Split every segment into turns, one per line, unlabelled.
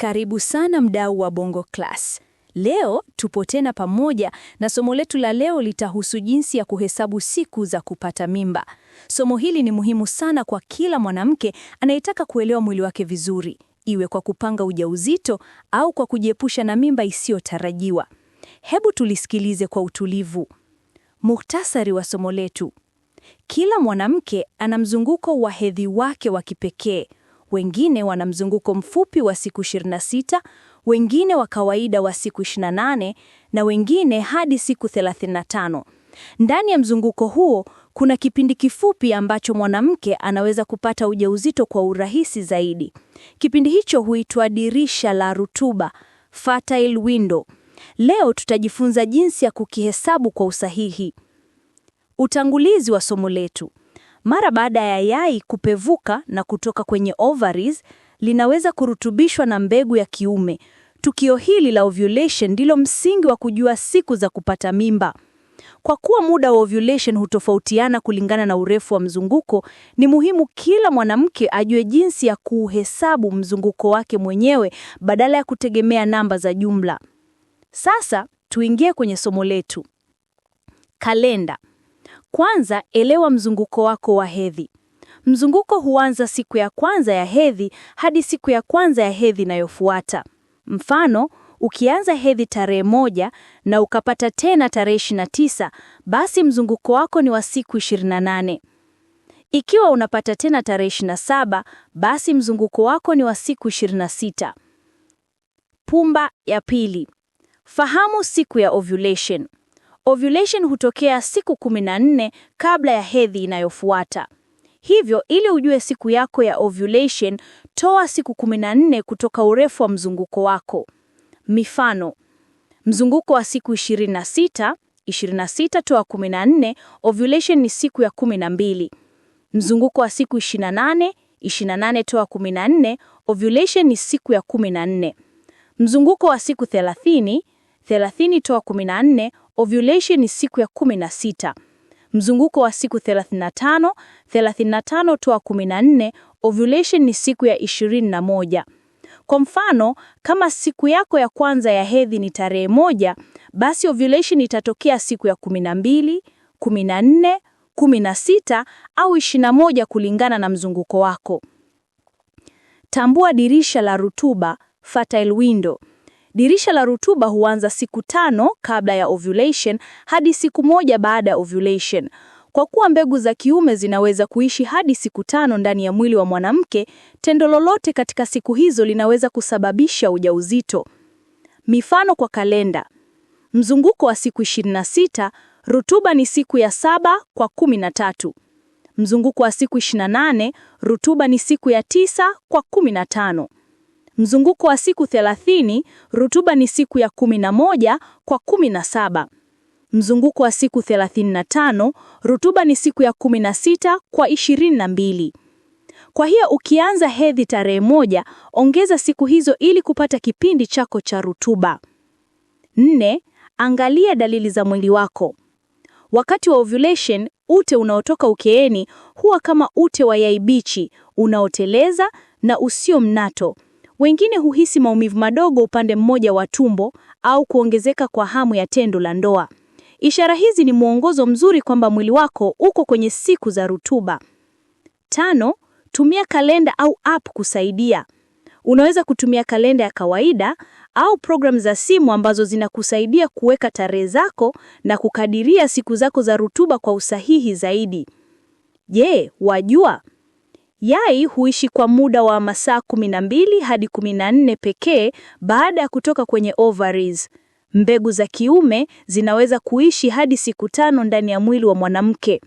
Karibu sana mdau wa Bongo Class. Leo tupo tena pamoja na somo letu la leo litahusu jinsi ya kuhesabu siku za kupata mimba. Somo hili ni muhimu sana kwa kila mwanamke anayetaka kuelewa mwili wake vizuri, iwe kwa kupanga ujauzito au kwa kujiepusha na mimba isiyotarajiwa. Hebu tulisikilize kwa utulivu. Muhtasari wa somo letu. Kila mwanamke ana mzunguko wa hedhi wake wa kipekee wengine wana mzunguko mfupi wa siku 26, wengine wa kawaida wa siku 28 na wengine hadi siku 35. Ndani ya mzunguko huo kuna kipindi kifupi ambacho mwanamke anaweza kupata ujauzito kwa urahisi zaidi. Kipindi hicho huitwa dirisha la rutuba, fertile window. Leo tutajifunza jinsi ya kukihesabu kwa usahihi. Utangulizi wa somo letu. Mara baada ya yai kupevuka na kutoka kwenye ovaries, linaweza kurutubishwa na mbegu ya kiume. Tukio hili la ovulation ndilo msingi wa kujua siku za kupata mimba. Kwa kuwa muda wa ovulation hutofautiana kulingana na urefu wa mzunguko, ni muhimu kila mwanamke ajue jinsi ya kuhesabu mzunguko wake mwenyewe badala ya kutegemea namba za jumla. Sasa tuingie kwenye somo letu. Kalenda. Kwanza elewa mzunguko wako wa hedhi. Mzunguko huanza siku ya kwanza ya hedhi hadi siku ya kwanza ya hedhi inayofuata. Mfano, ukianza hedhi tarehe moja na ukapata tena tarehe 29, basi mzunguko wako ni wa siku 28. Ikiwa unapata tena tarehe 27, basi mzunguko wako ni wa siku 26. Pumba ya pili. Fahamu siku ya ovulation. Ovulation hutokea siku 14 kabla ya hedhi inayofuata. Hivyo ili ujue siku yako ya ovulation, toa siku 14 kutoka urefu wa mzunguko wako. Mifano: mzunguko wa siku 26, 26 toa 14, ovulation ni siku ya 12. Mzunguko wa siku 28, 28 toa 14, ovulation ni siku ya 14. Mzunguko wa siku 30 30 toa 14, ovulation ni siku ya 16. Mzunguko wa siku 35, 35 toa 14, ovulation ni siku ya 21. Kwa mfano, kama siku yako ya kwanza ya hedhi ni tarehe moja, basi ovulation itatokea siku ya 12, 14, 16 au 21 kulingana na mzunguko wako. Tambua dirisha la rutuba, fertile window. Dirisha la rutuba huanza siku tano kabla ya ovulation hadi siku moja baada ya ovulation. Kwa kuwa mbegu za kiume zinaweza kuishi hadi siku tano ndani ya mwili wa mwanamke, tendo lolote katika siku hizo linaweza kusababisha ujauzito. Mifano kwa kalenda. Mzunguko wa siku 26, rutuba ni siku ya saba kwa 13. Mzunguko wa siku 28, rutuba ni siku ya tisa kwa 15. Mzunguko wa siku 30, rutuba ni siku ya 11 kwa 17. Mzunguko wa siku 35, rutuba ni siku ya 16 kwa 22. Kwa hiyo ukianza hedhi tarehe moja, ongeza siku hizo ili kupata kipindi chako cha rutuba. Nne, angalia dalili za mwili wako. Wakati wa ovulation, ute unaotoka ukeeni huwa kama ute wa yai bichi unaoteleza na usio mnato. Wengine huhisi maumivu madogo upande mmoja wa tumbo au kuongezeka kwa hamu ya tendo la ndoa. Ishara hizi ni mwongozo mzuri kwamba mwili wako uko kwenye siku za rutuba. Tano, tumia kalenda au app kusaidia. Unaweza kutumia kalenda ya kawaida au program za simu ambazo zinakusaidia kuweka tarehe zako na kukadiria siku zako za rutuba kwa usahihi zaidi. Je, wajua Yai huishi kwa muda wa masaa 12 hadi 14 pekee baada ya kutoka kwenye ovaries. Mbegu za kiume zinaweza kuishi hadi siku tano ndani ya mwili wa mwanamke.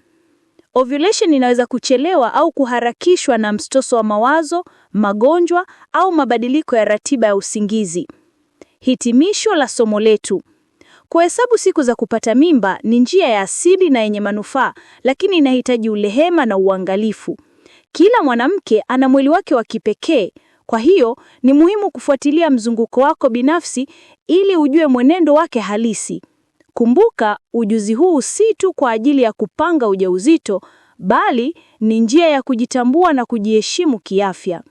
Ovulation inaweza kuchelewa au kuharakishwa na mstoso wa mawazo, magonjwa au mabadiliko ya ratiba ya usingizi. Hitimisho la somo letu. Kuhesabu siku za kupata mimba ni njia ya asili na yenye manufaa, lakini inahitaji ulehema na uangalifu. Kila mwanamke ana mwili wake wa kipekee, kwa hiyo ni muhimu kufuatilia mzunguko wako binafsi ili ujue mwenendo wake halisi. Kumbuka, ujuzi huu si tu kwa ajili ya kupanga ujauzito, bali ni njia ya kujitambua na kujiheshimu kiafya.